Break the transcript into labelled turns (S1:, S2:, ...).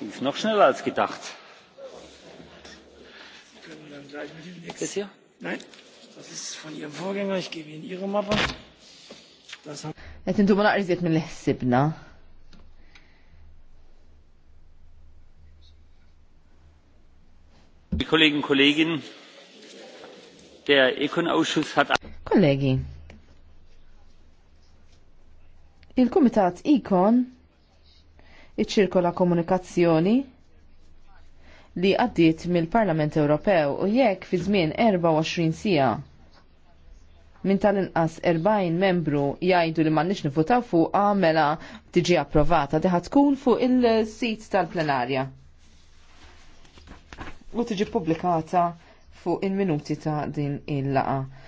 S1: lief noch schneller als gedacht.
S2: Wir können dann gleich mit dem nächsten. Das hier? Nein, das ist von Ihrem Vorgänger. Ich gebe Ihnen Ihre Mappe. Das
S3: haben Qed intumu naqriżiet mill ħsibna.
S4: Kollegen, Kollegin, der Econ-Ausschuss
S5: hat. Kollegi, il-Kumitat Econ iċ-ċirkola komunikazzjoni li għaddiet mill-Parlament Ewropew u jekk fi żmien 24 sija minn tal-inqas 40 membru jgħidu li m'għandniex nifutaw fuq għamela tiġi approvata diħa tkun fuq il-sit tal-plenarja. U tiġi publikata fuq il-minuti ta' din il-laqa.